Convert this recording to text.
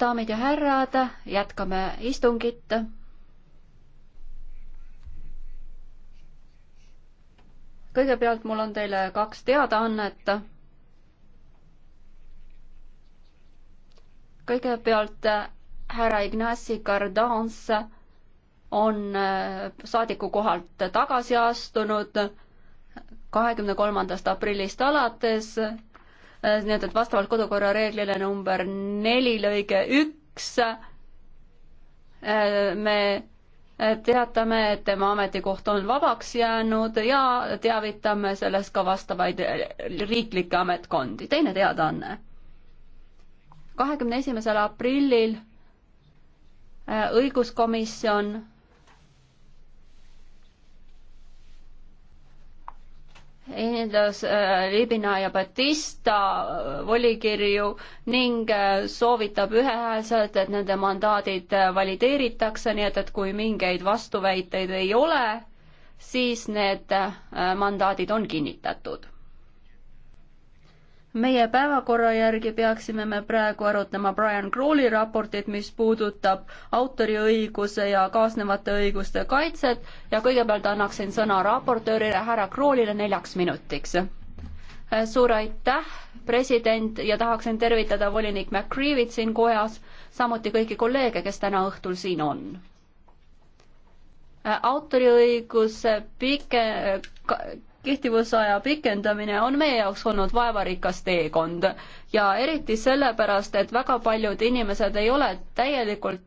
daamid ja härrad, jätkame istungit. kõigepealt mul on teile kaks teadaannet. kõigepealt härra Ignasi Gardans on äh, saadiku kohalt tagasi astunud kahekümne kolmandast aprillist alates Äh, nii et, et vastavalt kodukorra reeglile number neli lõige üks äh, me äh, teatame, et tema ametikoht on vabaks jäänud ja teavitame sellest ka vastavaid riiklikke ametkondi. teine teadaanne. kahekümne esimesel aprillil õiguskomisjon hindas äh, Libina ja Batista äh, volikirju ning äh, soovitab ühehäälselt, et nende mandaadid valideeritakse, nii et, et kui mingeid vastuväiteid ei ole, siis need mandaadid on kinnitatud meie päevakorra järgi peaksime me praegu arutama Brian Crawley raportit, mis puudutab autoriõiguse ja kaasnevate õiguste kaitset ja kõigepealt annaksin sõna raportöörile härra Crawley'le neljaks minutiks. suur aitäh, president, ja tahaksin tervitada volinik McCreevit siin kojas, samuti kõiki kolleege, kes täna õhtul siin on. autoriõiguse pike-, kehtivusaja pikendamine on meie jaoks olnud vaevarikas teekond ja eriti sellepärast, et väga paljud inimesed ei ole täielikult